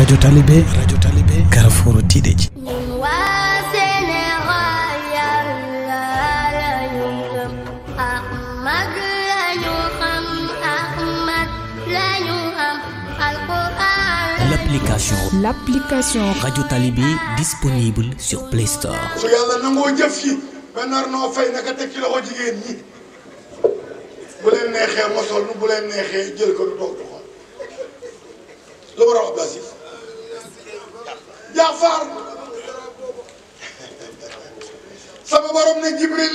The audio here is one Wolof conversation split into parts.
radio talibé radio talibé carrefour L'application. L'application Radio Talibé disponible sur Play Store. Jaafar sama borom ne Jibril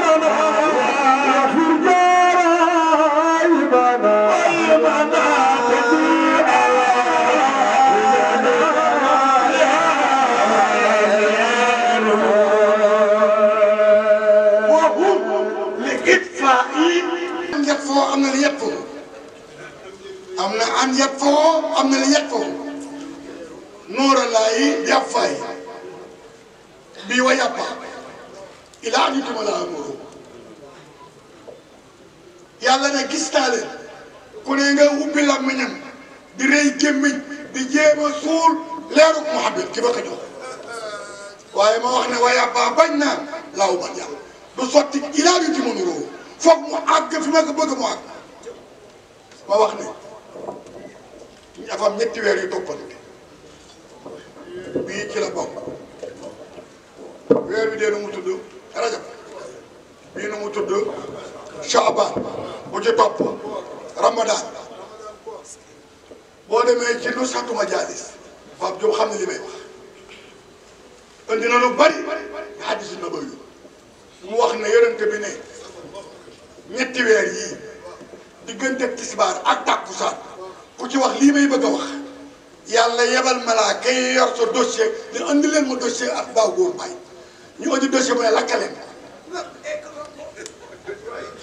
wala an yat foo am na la yat foo noora laayi yàpp fay bii wa yàppa ilaa ñu tuma laa moro yàlla ne gis naa leen ku ne nga ubbi làmmiñam di rëy gémmiñ di jéem a suul leeruk Muhammad ki ba ko jox waaye ma wax ne wa yàppaa bañ naa laaw ba yàlla du sotti ilaa ñu tuma moro foog mu àgg fi ma ko bëgg mu àgg ma wax ne dafa ñetti weer yu toppante bii ci la bokk weer bi dee nu mu tudd rajab bii nu mu tudd shaaban bu ci topp ramadan boo demee ci nu satu majalis Pape Diop xam ne li may wax indi na lu bari xadis nabawi mu wax ne yonente bi ne ñetti weer yii diggante tisbaar ak takkusaan كوكي واخ لي ماي بغا واخ يالا يبال ملائكه يور سو دوسي لي اندي لين مو دوسي اك با غور باي ني اودي دوسي بو لاكالين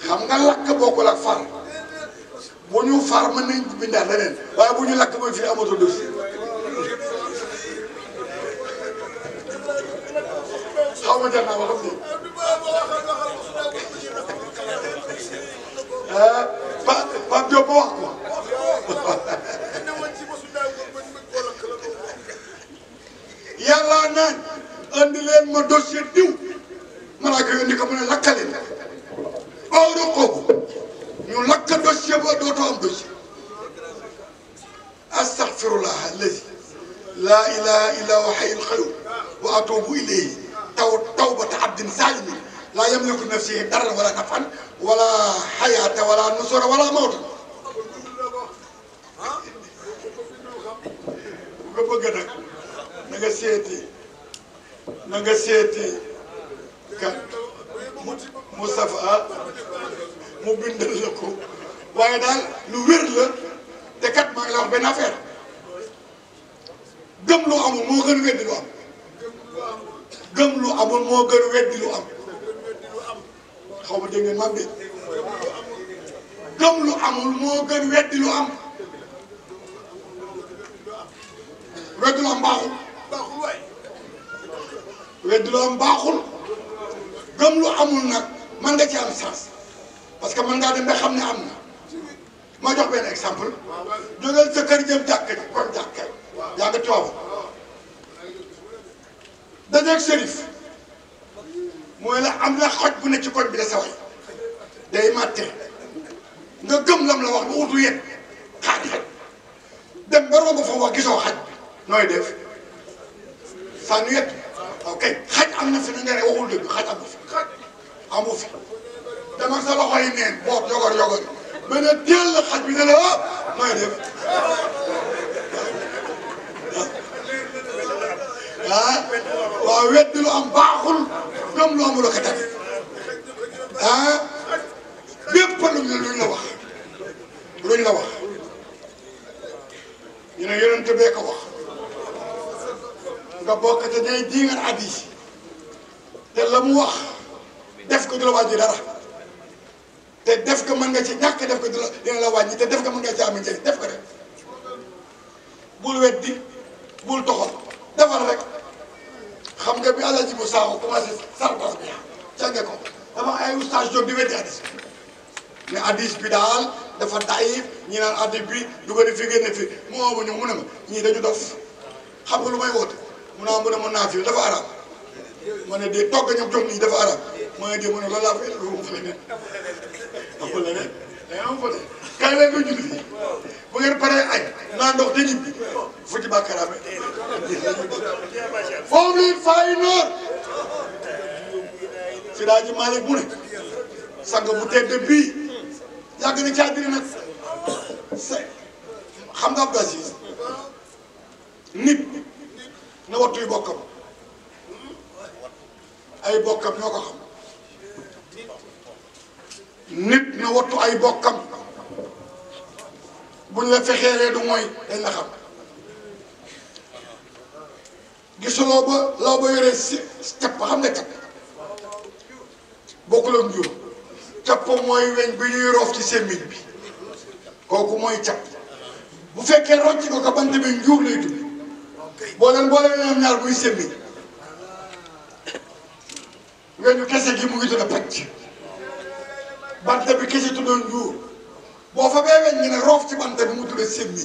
خم نغا لاك بوكو لاك فار بو نيو فار من ني بيندا لنين واي بو نيو لاك بو في اموتو دوسي هاو ما جانا واخ دي فيه در ولا نفن ولا حياة ولا نصر ولا موت مصطفى لكم لو غم لو امول مو غن ويدي لو ام غم لو امول مو غن ويدي لو ام xaw ma dégg ngeen mag de gëm lu amul moo gën weddi lu am weddi lu am baaxul weddi lu am baaxul gëm lu amul nag man nga ci am sens parce que man ngaa dem ba xam ne am na ma jox benn exemple jógal sa kër jëm jàkk jàkk yaa nga tooba dajeeg shérif أنا أقول لك أنا أقول لك أنا أقول لك أنا أقول لك أنا أقول لك أنا أقول لك أنا أقول لك أنا أقول لك أنا أقول لك أنا أقول لك أنا أقول لك أنا أقول لك أنا أقول لك gëm loolu amul ko def ah bépp luñ la wax luñ la wax ñu ne yonent bee ko wax nga bokk te day diingal hadiis te la mu wax def ko du la wàññi dara te def ko mën nga ci ñàkk def ko du la dina la wàññi te def ko mën nga ci am njëriñ def ko rek bul weddi bul toxal defal rek. xam nga bi Alaaji bu Saaxo commencé sartas bi jànge ko dama ay ustaas jóg di weddi hadis ne hadis bi daal dafa daif ñi naan hadis bi duga di fi génne fi mu woo ma ñu ma ñii dañu dof xam nga lu may woote mu naa mu ne ma naafila dafa arab ma ne de togg ñoom jox nii dafa arab ma ne de ma ne loolu laa fay lu mu fële ne amul leneen day am kaay leen ko julli bu ngeen paree añ naa ndox te ñibbi fu ci bàkkaraame foofu lii fay noor si daa ji Maalik bu ne sang bu tedd bii yàgg na caa nag xam nga Abdou Aziz nit na wattuy bokkam ay bokkam ñoo ko xam nit na wattu ay bokkam buñ la fexeeree du mooy dañ la xam gisuloo ba la ba yoree si capp xam nga capp bokkul ak njuum capp mooy weñ bi ñuy roof ci semmiñ bi kooku mooy capp bu fekkee rocc ko ko bant bi njuum lay tudd boo leen boo leen ñoom ñaar muy semmiñ weñu kese gi mu ngi tudd pacc bant bi kese tuddoon njuum boo fa bee weñ ñu ne roof ci bante bi mu tuddee semmi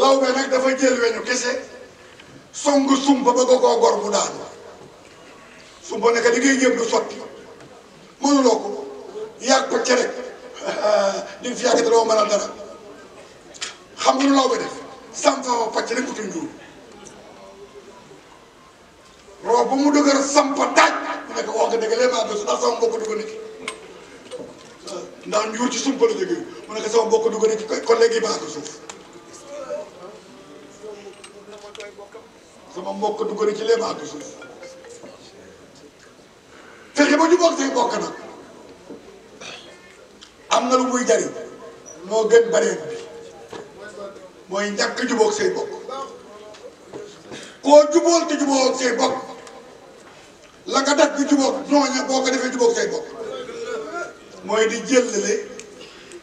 law be nag dafa jël weñu kese songu sumba bëgg koo gor bu daanu sumba nekk di ngay yëpp du sotti mënuloo ko yàgg ko ci rek di nga fi yàgg te doo mën a dara xam nga lu law def samp mu taaj nekk wax nga dëgg lee maa bés ndax sama mbokk du ko nekk ndax njuur ci suñu pël jóge mu ne ko sama mbokk dugg na ci collègue yi baax ko suuf sama mbokk dugg ci lee baax ko fexe ba ñu bokk say mbokk nag am na lu muy jariñ moo gën bareen bi mooy ñàkk jubóog say bokk koo jubóol te jubóog say bokk la nga def bi jubóog ñooña ko defee jubóog say bokk mooy di jëllale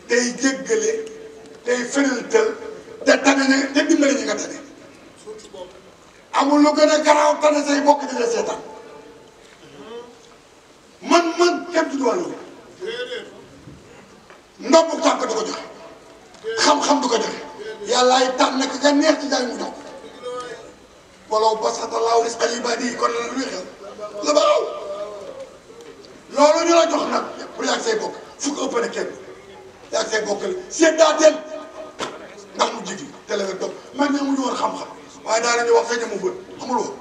day jéggale day feneltal te tane ne te dimbali ñi nga tane amul lu gën a garaaw tane say bokk di la seetaan man man kenn du wàllu ndombuk tànk du ko joxe xam-xam du ko joxe yàllaay tànn nag nga neex ci jaay mu jox walaw basata laahu rizqa li kon la luy xew la baaw loolu ñu la jox nag pour yàgg say bokk fu ko ëppale kenn yàgg say bokk la séddaateel ndax mu jigi tele nga toog mag ñi amuñu woon xam-xam waaye daa nañu wax sa ñamu bët amul woon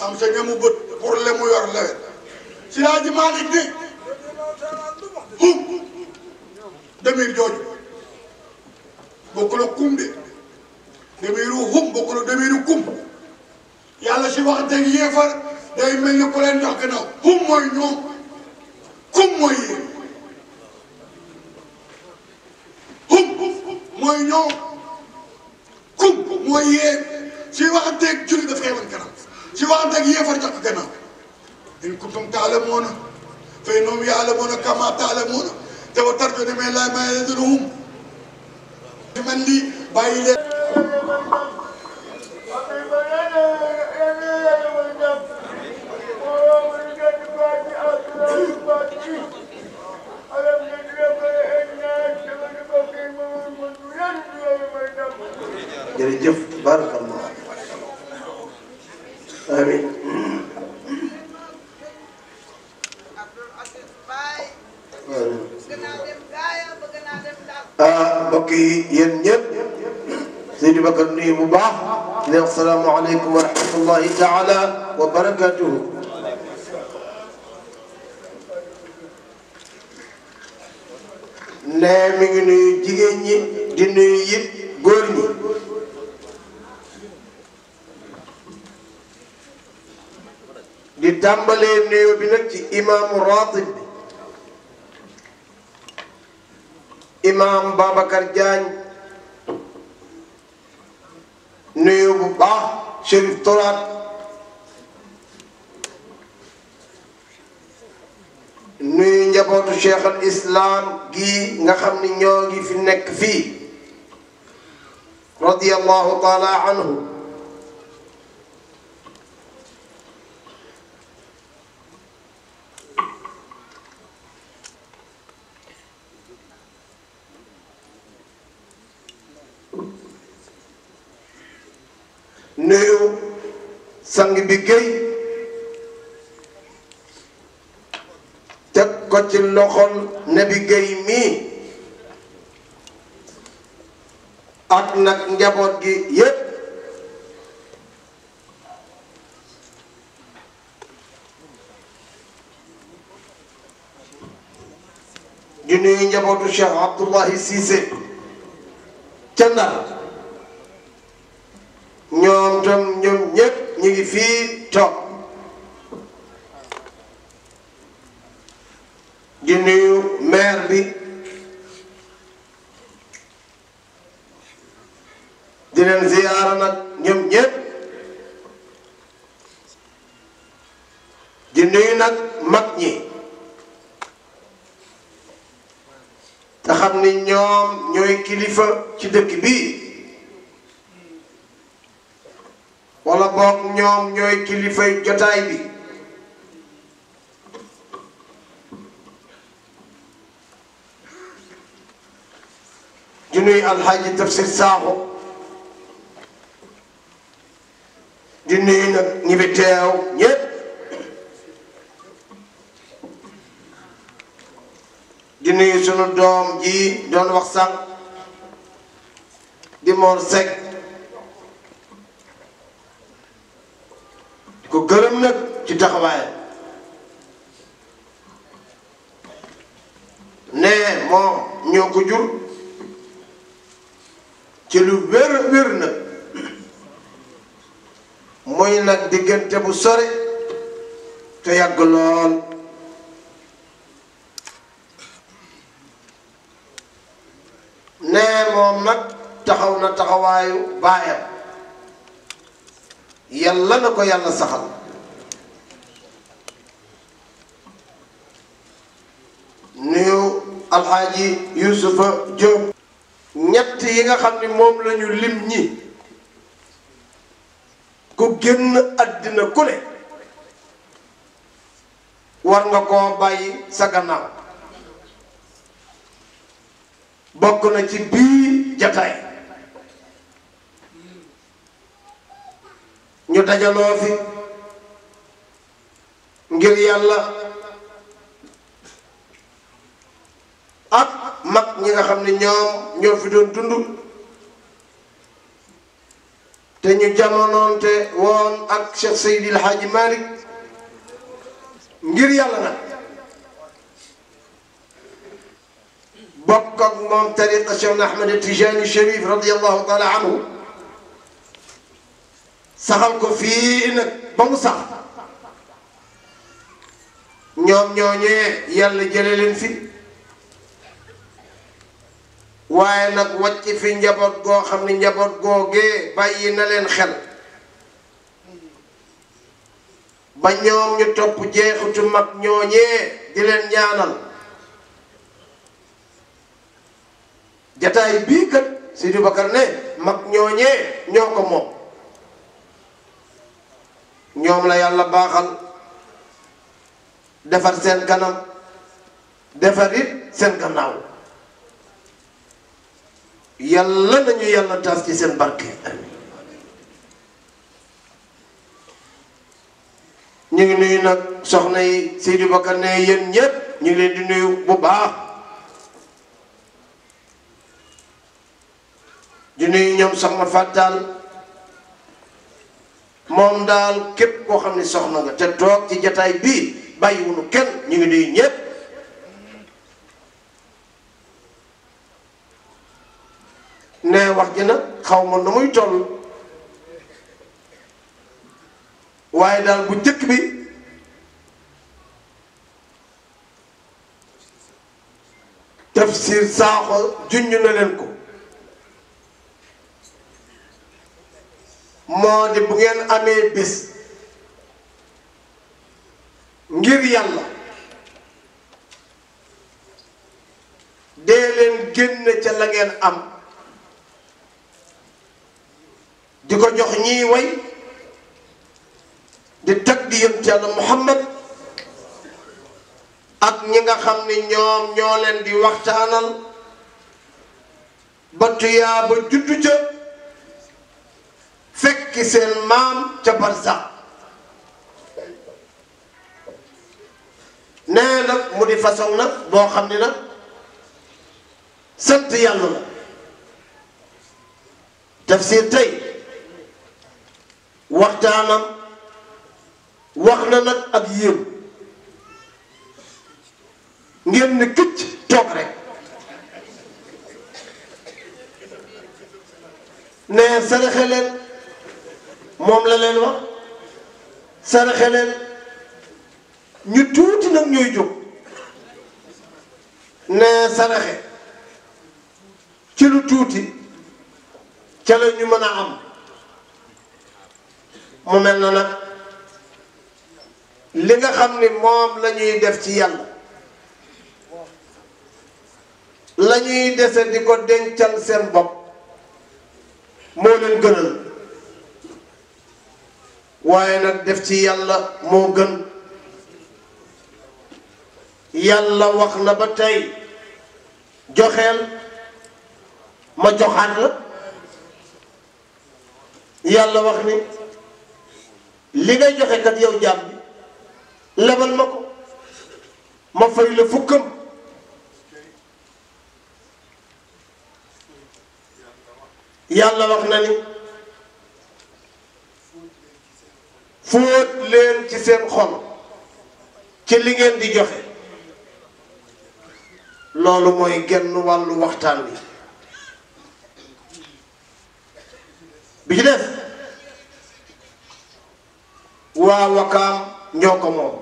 am bët pour le yor lewet si laa ji Maalik ni hum demir jooju bokkul kum de demiru hum bokkul ak kum yàlla si wax dëgg yéefar day mel ni ku leen hum mooy ñoom xum mooy yéen xum mooy ñoom xum mooy yéen suy waxanteeg julli daf koy wan kanam suy waxanteeg yéefar jox ko gannaaw in kuntum taalamuuna fa innahum yaalamuuna kama taalamuuna te wa tarjuuna mimman laa ya'lamuun man lii bàyyi leen اللي تف بارك الله امين آه، سيدي بكر ني مباح السلام عليكم ورحمه الله تعالى وبركاته نامي نعم، ني جيجن ني tàmbalee nuyoo bi nag ci imaamu imaam Babacar Diagne nuyoo bu baax Chérif Touraat nuyu njabootu cheikh al islam gii nga ni ñoo ngi fi nekk fii radiyallahu taala anhu sang bi géy teg ko ci loxol nabi géy mii ak nag njaboot gi yépp di njabootu Cheikh Abdullahi Cissé ca Ndar ñoom tam ñoom ñëpp ñu ngi fii toog di nuyu maire bi di leen ziyaara nag ñoom ñépp di nuyu nag mag ñi te xam ni ñoom ñooy kilifa ci dëkk bii ngoog ñoom ñooy kilifay jotaay bi di nuyu alxaaji tafsir saaxo di nuyu nag ñi teew ñépp di nuyu sunu doom ji doon wax di Mor Seck ko gërëm nag ci taxawaayam ne moom ñoo ko jur ci lu wér wér nag muy nag diggante bu sore te yàgg lool ne moom nag taxaw na taxawaayu baayam yàlla na ko yàlla saxal nuyu alxaaji yusufa Jóob ñett yi nga xam ni moom lañu lim ñi ku génn àddina ku war nga koo bàyyi sa gannaaw bokk na ci bii jataay ñu dajaloo fi ngir yàlla ak mag ñi nga xam ne ñoom ñoo fi doon dund te ñu jamonoonte woon ak Seydi El Hadji Malick ngir yàlla nag bokk ak moom tariqa Cheikh Ahmed Tijani Chérif radiyallahu taala anhu saxal ko fii nag ba mu sax ñoom ñooñee yàlla jële leen fi waaye nag wàcc fi njaboot goo xam ne njaboot googee bàyyi na leen xel ba ñoom ñu topp jeexitu mag ñooñee di leen ñaanal jataay bii kat Sidi Bakar ne mag ñooñee ñoo ko moom ñom la yalla baxal defar sen kanam defar it sen gannaaw yalla nañu yalla taas ci sen barke ñi ngi nuyu nak soxna yi Seydou bakkar ne yeen ñepp ñi ngi leen di nuyu bu baax di nuyu ñoom soxna Fatal moom daal képp koo xam ne soxna nga te toog ci jataay bii bàyyiwunu kenn ñu ngi nuyu ñépp ne wax ji nag xaw ma nu muy toll waaye daal bu njëkk bi tafsir saako junñ na leen ko moo di bu ngeen amee bés ngir yàlla dee leen génn ca la ngeen am di ko jox ñiy way di tag di yëpp ci yàlla Muhammad ak ñi nga xam ni ñoom ñoo leen di waxtaanal ba tuyaa ba juddu ca fekki seen maam ca barsax nee nag mu di façon nag boo xam ni nag sant yàlla la tafsir tey waxtaanam wax na nag ak yéen ngeen ni këcc toog rek nee saraxe moom la leen wax saraxe leen ñu tuuti nag ñooy jóg ne saraxe ci lu tuuti ca la ñu mën a am mu mel na nag li nga xam ni moom lañuy def ci yàlla lañuy ñuy dese di ko dencal seen bopp moo leen gënal waaye nag def ci yàlla moo gën yàlla wax na ba tey joxeel ma joxaat la yàlla wax ni li ngay joxe kat yow jaam bi lebal ma ko ma fay la fukkam yàlla wax na ni fóot leen ci seen xol ci li ngeen di joxe loolu mooy genn wàllu waxtaan bi bi ci def waa Wakaam ñoo ko moom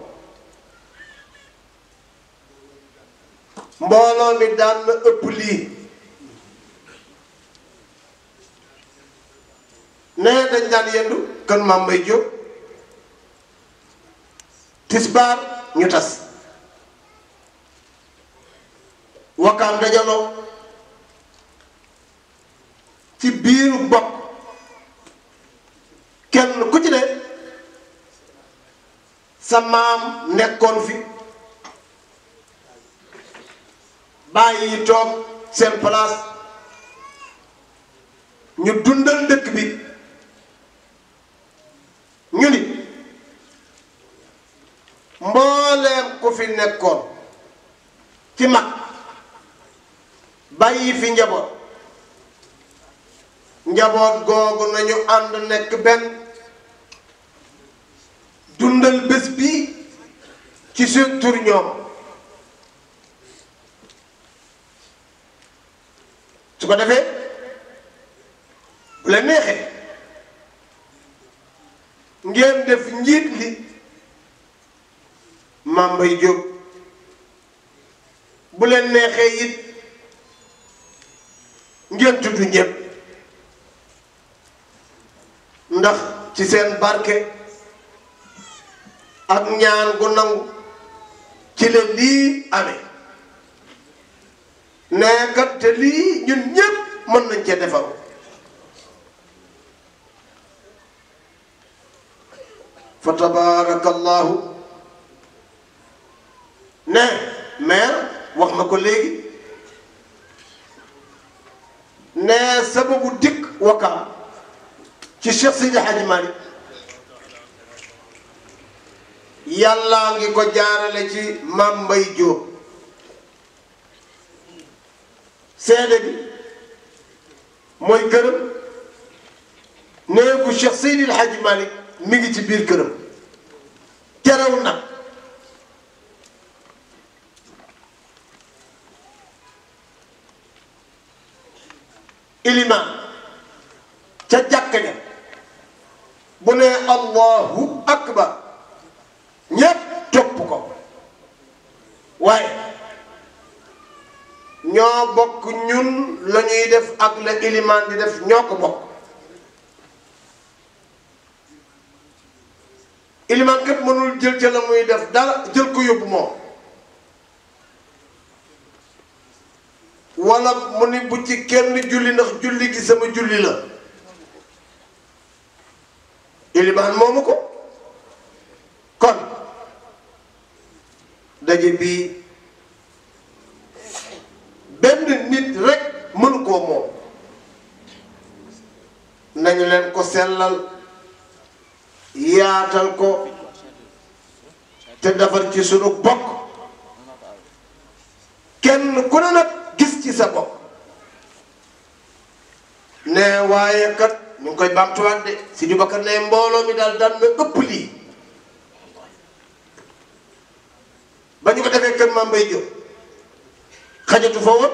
mbooloo mi daan na ëpp lii nee dañ daan yendu kër Mame Mbaye Diop tisbaar ñu tas wakkaan dajaloo ci biiru bopp kenn ku ci ne sa maam nekkoon fi bàyyi yi toog seen place ñu dundal dëkk bi ñu ni fi nekkoon ci mag bàyyi fi njaboot njaboot googu nañu ànd nekk benn dundal bés bi ci seen ñoom su ko defee bu la neexee ngeen def njiit li maam bay jóg bu leen neexee it ngeen tudd ñëpp ndax ci seen barke ak ñaan gu nangu ci la lii amee neekat te lii ñun ñëpp mën nañ cee defaru fa tabaarakallahu ne maire wax ma ko léegi ne sababu dikk wakkaam ci Cheikh Sidi Hadji Malick ngi ko jaarale ci Mame Mbaye Diop seede bi mooy këram bu Cheikh Sidi Hadji Malick mi ngi ci biir këram ilimaan ca jàkk ja bu ne allahu akbar ñépp topp ko waaye ñoo bokk ñun la ñuy def ak la ilimaan di def ñoo ko bokk ilimaan kat mënul jël ca la muy def dara jël ko yóbbu moom wala mu ni bu ci kenn julli ndax julli gi sama julli la ilibaan moomu ko kon daje bii benn nit rek mënu koo moom nañu leen ko sellal yaatal ko te defar ci sunu bokk kenn ku ne nag gis ci sa bopp ne waaye kat ñu koy bamtuwaat de si ñu bakkat ne mbooloo mi daal daan na ëpp lii ba ñu ko defee kër maam bay jóg xajatu fa woon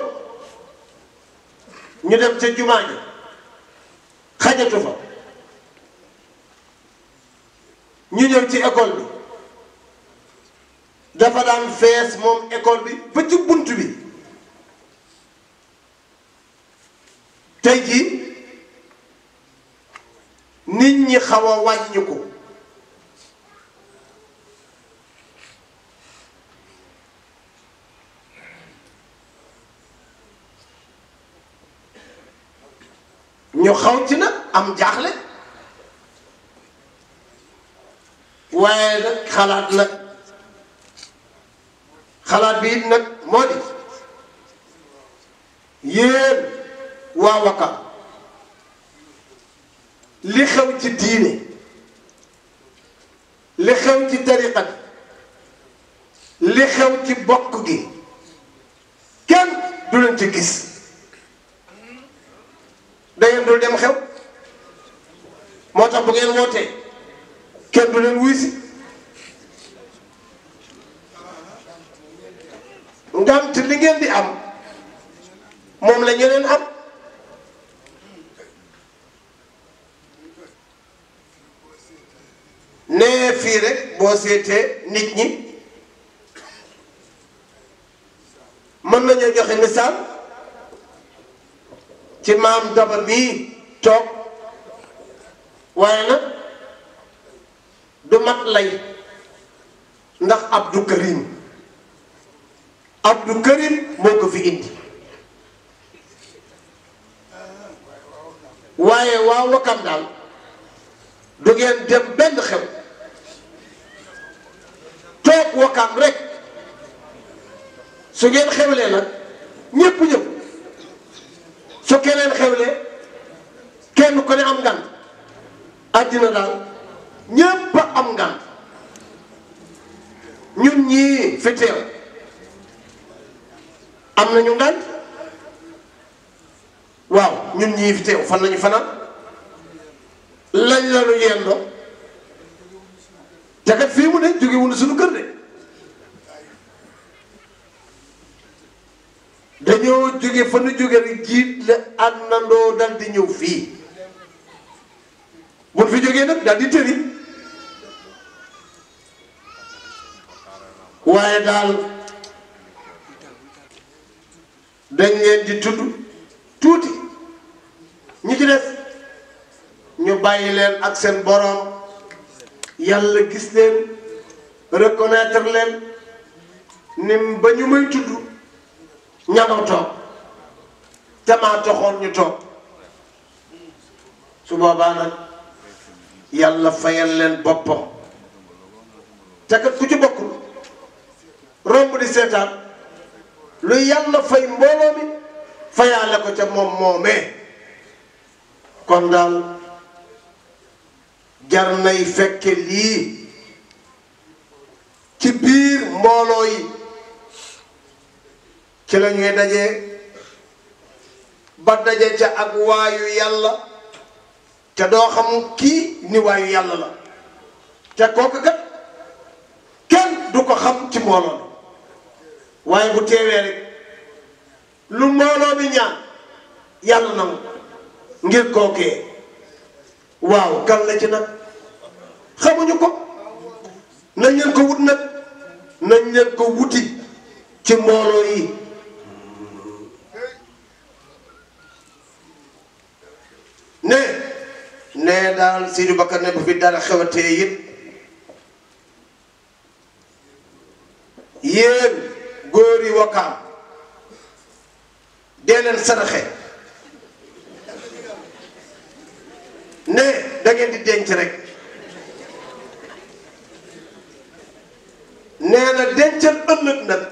ñu dem ca jumaa ji xajatu fa ñu ñëw ci école bi dafa daan fees moom école bi ba ci bunt bi tey jii nit ñi xaw a wàññiku ñu xaw ci nag am jaaxle waaye nag xalaat nag xalaat bi it nag moo di yéen waa Wakaam li xew ci diine li xew ci tariqa bi li xew ci bokk gi kenn du leen ci gis da ngeen dul dem xew moo tax bu ngeen wootee kenn du leen wuy si ngant li ngeen di am moom la ñeneen am fii rek boo seetee nit ñi mën nañu joxe misaal ci maam daba bii toog waaye nag du mat lay ndax Abdou Karim Abdou Karim moo ko fi indi waaye waa Wakam daal du ngeen dem benn xew toog wakkaam rek su ngeen xewlee nag ñépp ñëw su keneen xewlee kenn ku ne am ngan àddina daal ñépp am ngan ñun ñii fi teew am nañu ngan waaw ñun ñii fi teew fan lañu fanaan lañ la yendoo te kat fii mu ne jóge wuñu suñu kër de dañoo jóge fa nu jóge rek jiit la àndandoo dal di ñëw fii buñ fi jógee nag dal di tëri waaye daal dañ di tudd tuuti ñu ci def ñu bàyyi leen ak seen boroom yàlla gis leen reconnaître leen ni ba ñu may tudd ñanoo te maa toxoon su boobaa yàlla fayal leen boppam te kat ku ci bokkul romb di seetaan lu yàlla fay mbooloo mi ko ca moom moomee kon daal jar nay fekke lii ci biir mbooloo yi ci la ñuy dajee ba daje ca ak waayu yàlla te doo xam kii ni waayu yàlla la te kook kat kenn du ko xam ci mbooloo waaye bu teewee rek lu mbooloo bi ñaan yàlla na ngir kookee waaw kan la ci nag xamuñu ko nañ leen ko wut nag nañ leen ko wuti ci mbooloo yi ne ne daal Seydou Bakar ne bu fi dara xewatee yëpp yéen góor yi wakkaam dee leen saraxe ne da di denc rek ëllëg nag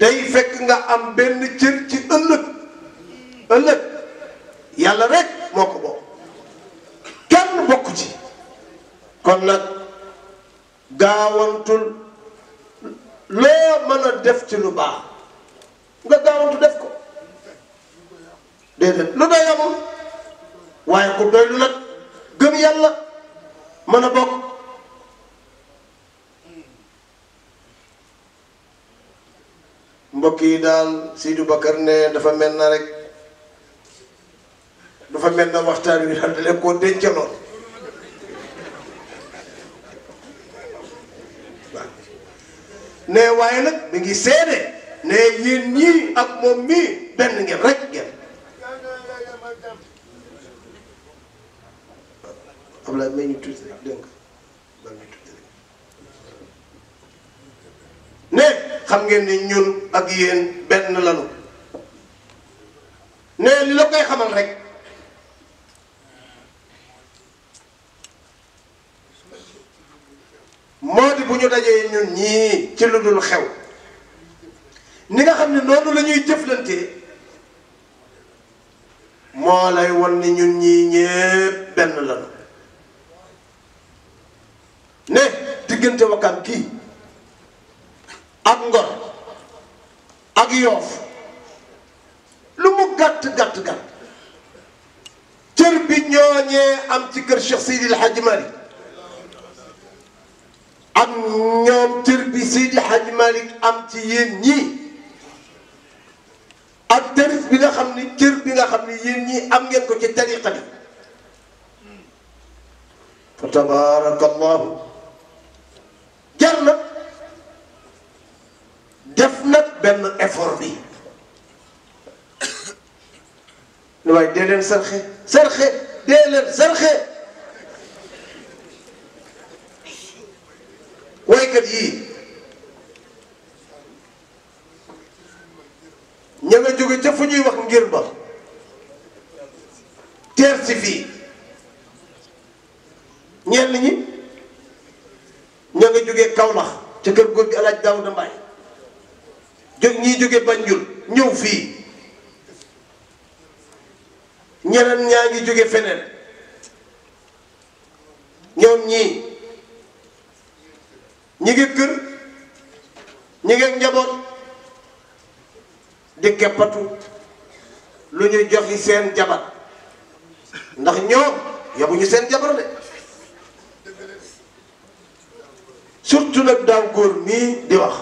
day fekk nga am benn cër ci ëllëg ëllëg yàlla rek moo ko kenn bokk ci kon nag gaawantul loo mën a def ci lu baax nga gaawantu def ko déedéet lu doy amul waaye ku doy lu nag mbokk yi daal Seydou Bakar ne dafa mel na rek dafa mel na waxtaan wi daal da koo dencaloon ne waaye nag mi ngi seede ne yéen ñii ak moom mii benn ngeen rek ngeen ne xam ngeen ni ñun ak yéen benn lanu ne li la koy xamal rek moo di bu ñu dajee ñun ñii ci lu dul xew ni nga xam ne noonu la ñuy jëflante moo lay won ni ñun ñii ñépp benn lanu ne diggante wakkaan kii angor ngor ak yoof lu mu gàtt gàtt gàtt cër bi ñooñee am ci kër Cheikh Seydi El malik Malick ak ñoom cër bi Seydi El Hadji Malick am ci yéen ñii ak tarif bi nga xam cër bi nga xam ni yéen am ngeen ko ci tariqa bi fa tabaraka def nag benn effort bi lu waaye dee leen sarxe sarxe dee leen sarxe waykat yii ña jóge ca fu ñuy wax ngir ba teer si fii ñenn ñi ña nga jógee Kaolack ca kër góor gi alaaj Daawuda Mbaay jóg ñii jóge Banjul ñëw fii ñeneen ñaa ngi jóge feneen ñoom ñii ñi ngi kër ñi ngi njaboot di keppatu lu ñu joxi seen jabar ndax ñoom yabuñu seen jabar de surtout nag daaw góor mii di wax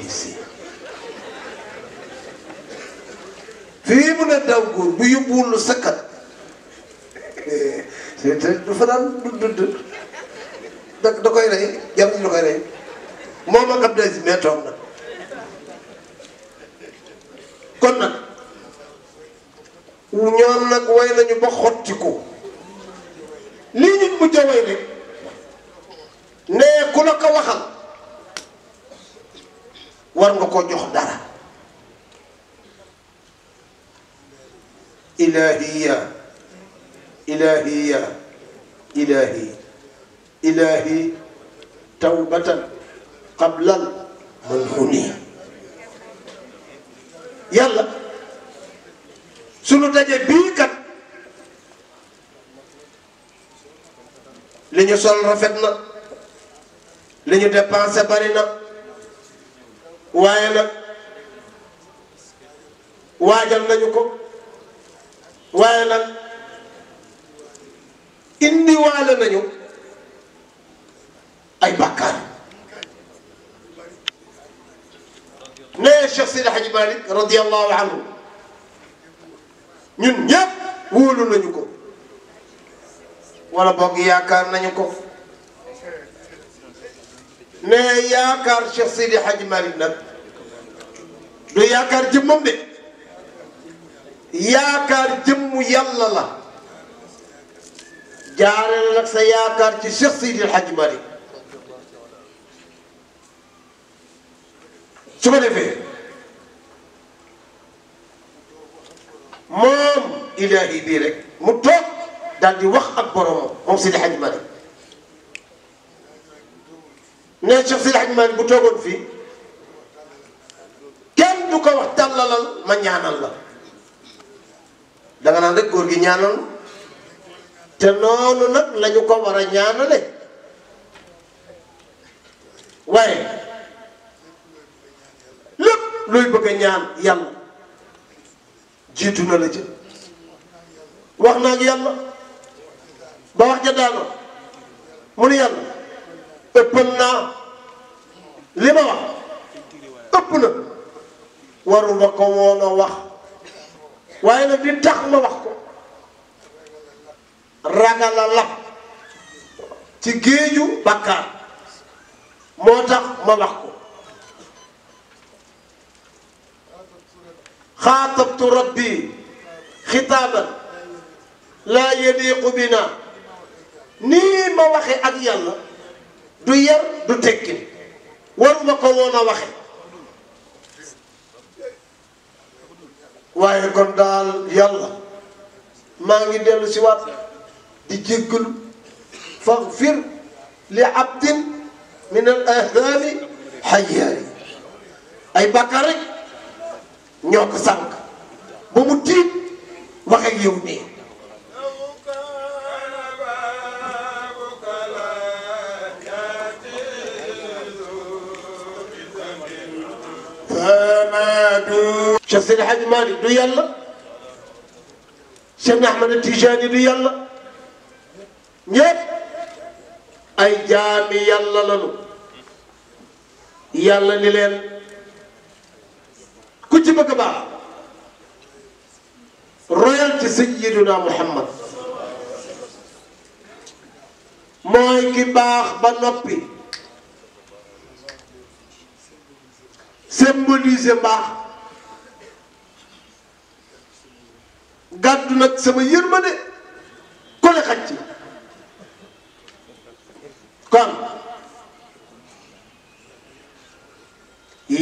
ici fii mu ne daw góor bu yóbbuwul lu sakkat te eh, du fanaan da da koy rey yàlla ñu da koy rey moom ak Abdou Aziz mais toog na kon nag ñoom nag way nañu ba xottiku lii ñu mujj a way rek ne ku la ko waxal war nga ko jox dara ilahiya ilahiya ilahi ilahi tawbatan qablal manhuni yàlla sunu daje bii kat li ñu sol rafet na li ñu dépensé bari na waaye nag waajal nañu ko waaye nag indi waale nañu ay bàkkaar ne Cheikh Seydi Hadji Malick radiyallahu anhu ñun ñëpp wóolu nañu ko wala boog yaakaar nañu ko ne yaakaar Cheikh Seydi Hadji Malick nag du yaakaar jëmmam de yaakaar la jaare la nag sa yaakaar ci Cheikh Seydi Hadji Malick su ko defee ilaahi bii rek mu toog daal wax ak boromam moom Seydi Hadji ne cheikh sidi hajj malik bu togon fi kenn du ko wax talal ma ñaanal la da nga nan rek gor gi ñaanal te nonu nak lañu ko wara ñaanale way lepp luy bëgg ñaan yalla jitu na la ci wax naa ak yalla ba wax ja daana mu ne yàlla ëppal naa li ma wax ëpp na waruma ko woon wax waaye nag di tax ma wax ko ragal a ci géeju bàkkaar moo tax ma wax ko xaatabtu rabbi xitaaban laa yaliqu bina nii ma waxe ak yàlla du yar du tekkin waruma ko woon waxe waaye kon daal yàlla maa ngi dellu si waat di jéggalu faghfir li abdin min al ahdaami xayyaari ay bàkkaar rek ñoo ko mu tiit wax ak yow nii Cheikh Seydi Hadji Malick du yàlla Cheikh Ahmed Tidiane du yàlla ñëpp ay jaami yàlla lañu yàlla ni leen ku ci bëgg baax royal ci sayyiduna Muhammad mooy ki baax ba noppi symboliser mbaax nag sama yërmande ku ne xaj ci kon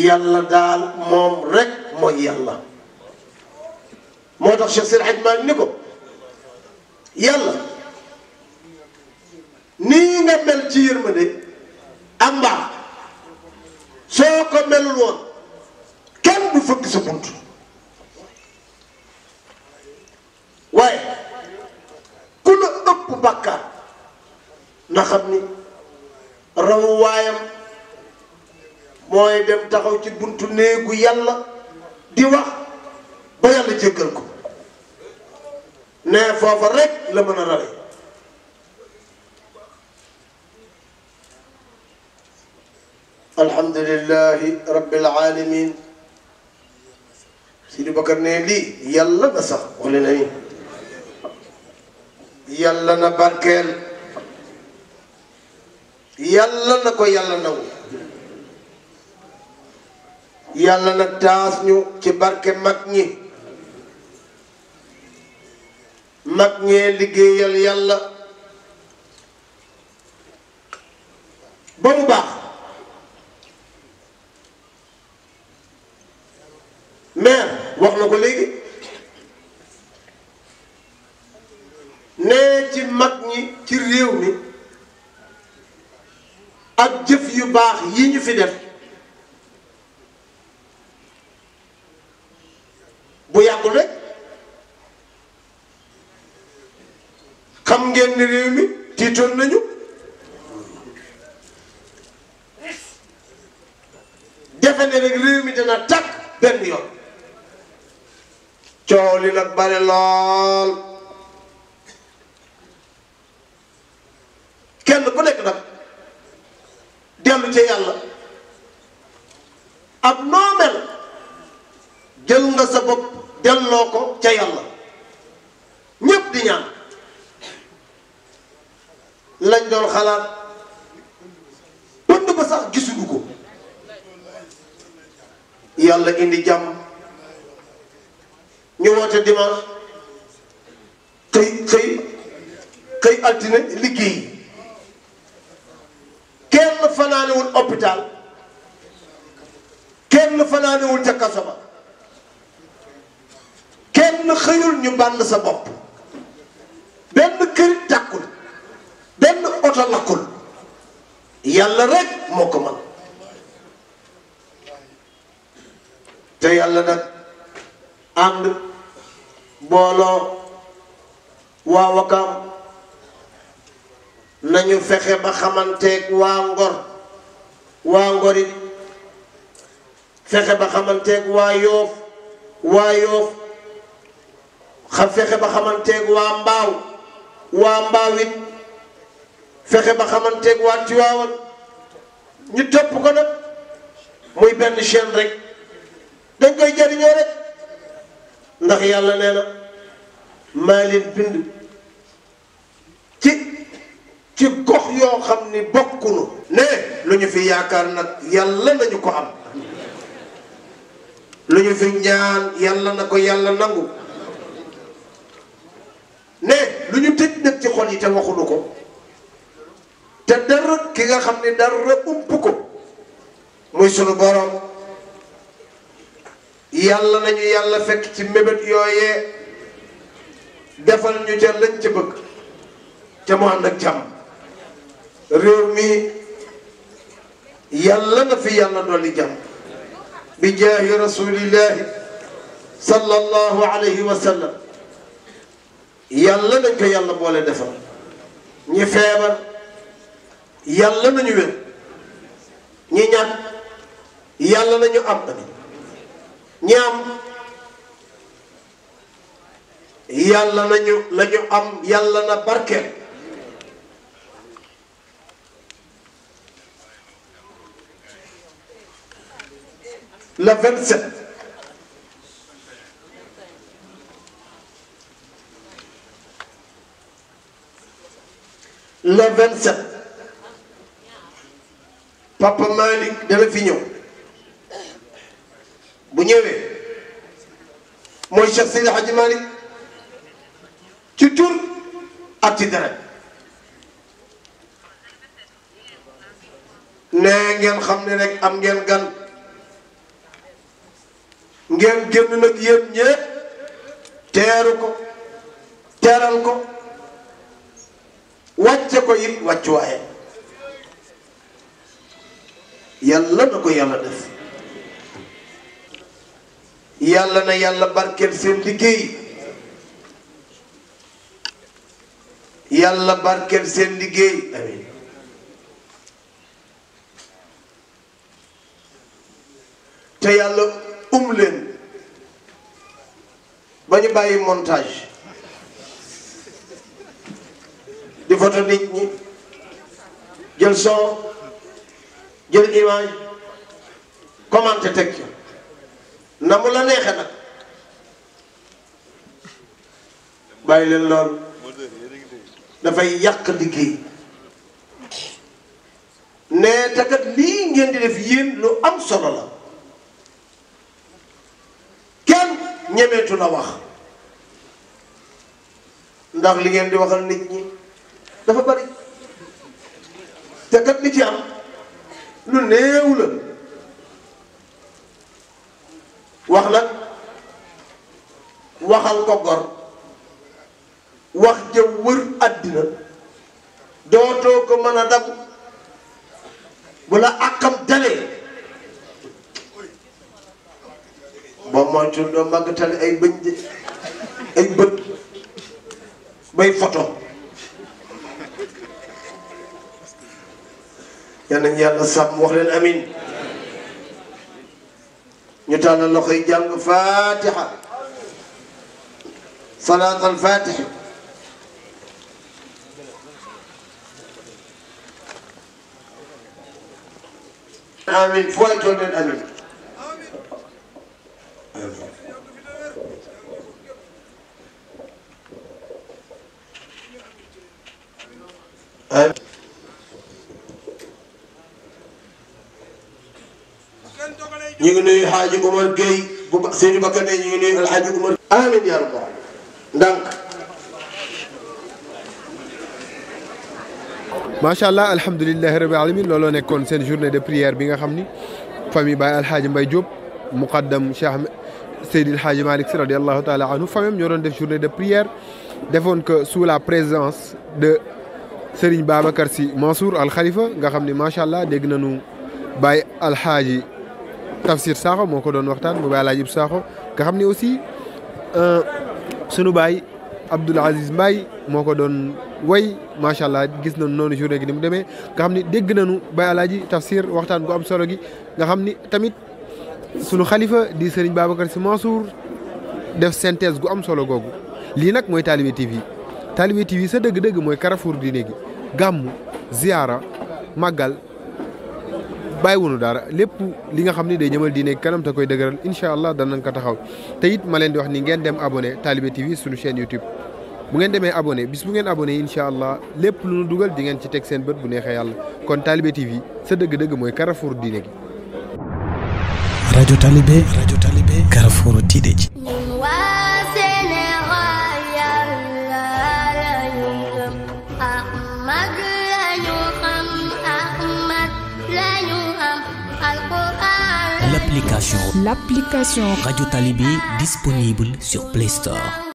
yàlla daal moom rek mooy yàlla moo tax Cheikh Seydi Hadji Malick ni ko yàlla nii nga mel ci yërmande ak mbaax soo ko melul woon kenn du fëgg sa bunt waaye ku la ëpp bàkkaar nga xam ni rawu waayam mooy dem taxaw ci buntu néegu yàlla di wax ba yàlla jéggal ko ne foofa rek la mën a rale alhamdulillahi rabbil alamin Sidi Bakar ne lii yàlla na sax wala na yàlla na barkeel yàlla na ko yàlla ndaw yàlla na taas ñu ci barke mag ñi mag ñee liggéeyal yàlla ba mu baax mais wax na ko léegi nee ci mag ñi ci réew mi ak jëf yu baax yi ñu fi def bu yàggul rek xam ngeen ni réew mi tiitoon nañu defe ne rek réew mi dana tàkk benn yoon coow li nag bare lool kenn ku nekk nag dellu ca yàlla ab noo mel jël nga sa bopp delloo ko ca yàlla ñépp di ñaan lañ doon xalaat dund ko sax gisugu ko yàlla indi jàmm ñu woote dimanche xëy xëy xëy altine liggéey fanaanewul hôpital kenn fanaanewul ca kaso ba kenn xëyul ñu bànn sa bopp benn kërit tàkkul benn oto lakkul yàlla rek moo ko te yàlla nag ànd booloo waa Wakaam nañu fexe ba xamanteeg waa Ngor waa ngorit fexe ba xamanteeg waa yoof waa yoof xa fexe ba xamanteeg waa mbaaw waa mbaaw fexe ba xamanteeg waa Tiwaawan ñu topp ko nag muy benn chaîne rek dañ koy jariñoo rek ndax yàlla nee na maa leen ci gox yoo xam ni bokkunu ne lu ñu fi yaakaar nag yàlla nañu ko am lu ñu fi ñaan yàlla na ko yàlla nangu ne lu ñu tëj nag ci xol yi ca waxunu ko te dara ki nga xam ni dara ump ko muy sunu borom yàlla nañu yàlla fekk ci mébét yooyee defal ñu ca lañ ca bëgg ca mu ànd ak jàmm رومي يلا في يلا نولي بجاه رسول الله صلى الله عليه وسلم يلا نك يلا بولا دفا ني يلا نيو وير ني يلا نيو ام نيام يلا نيو لا ام يلا نا بركه le 27 le papa Malick dana fi ñëw bu ñëwee mooy Cheikh Seydi Hadji Malick ci tur ak deret nee ngeen xam ne rek am ngeen gan. ngeen génn nag yéen ñépp teeru ko teeral ko wàcce ko it wàccuwaaye yàlla na ko yàlla def yàlla na yàlla barkeel seen liggéey yàlla barkeel seen liggéey amin te yàlla um leen ba ñu bàyyi montage di photo nit ñi jël son jël image commenté teg na mu la neexe nag bàyyi leen lool dafay yàq liggéey ne takat lii ngeen di def yéen lu am solo la kenn ñemeetu la wax ndax li ngeen di waxal nit ñi dafa bari te kat li ci am lu néew la wax nag waxal ko gor wax jëm wër àddina dootoo ko mën a dab bu la àqam boo moytuwul doo màggatal ay bëñ ay bët bay photo yal nañu yàlla sàmm amin ñu tàllal loxo yi jàng fatiha salaat al fatiha amin fooy toll amin ñu ngi nuyu Xaaji Umar Gueye bu ba Seydou Bakar ne ñu ngi nuyu El Hadj Umar. amiin yaa rabbal aalamiin ndànk. macha allah alhamdulilah rabbil alamin looloo nekkoon seen journée de prière bi nga xam ni famille Baye Alhaji Mbaye Diop muqaddam Cheikh El Hadji malik Sy radiallahu taala anhu famem ñoo doon def journée de prière defone que sous la présence de Serigne Babacar Sy Mansour al Khalifa nga xamni ne macha allah dégg nañu al Tafsir Sakho moko don doon waxtaan mu Baye Alhaji Ibou Sakho nga xamni aussi euh sunu bay Abdul Aziz Mbaye moko don doon way macha allah gis nañu noonu journée gi ni mu demee nga xamni ne nañu bay al Hadji Tafsir waxtan bu am solo gi nga xamni tamit. sunu xalifa di sëriñ Babacar Sy Mansour def synthèse gu am solo googu lii nag mooy Talibé TV Talibé TV sa dëgg-dëgg mooy carrefour diine gi gàmmu ziyaara màggal bàyyiwunu dara lépp li nga xam ne day jëmal diine kanam te koy dëgëral incha allah danañ ko taxaw te it ma leen di wax ni ngeen dem abonné Talibé TV suñu chaîne YouTube. bu ngeen demee abonné bis bu ngeen abonné incha allah lépp lu nu dugal di ngeen ci teg seen bët bu neexee yàlla kon Talibé TV sa dëgg-dëgg mooy carrefour diine radio talibé radio talibé Carrefour Tidéji L'application Radio Talibé disponible sur Play Store.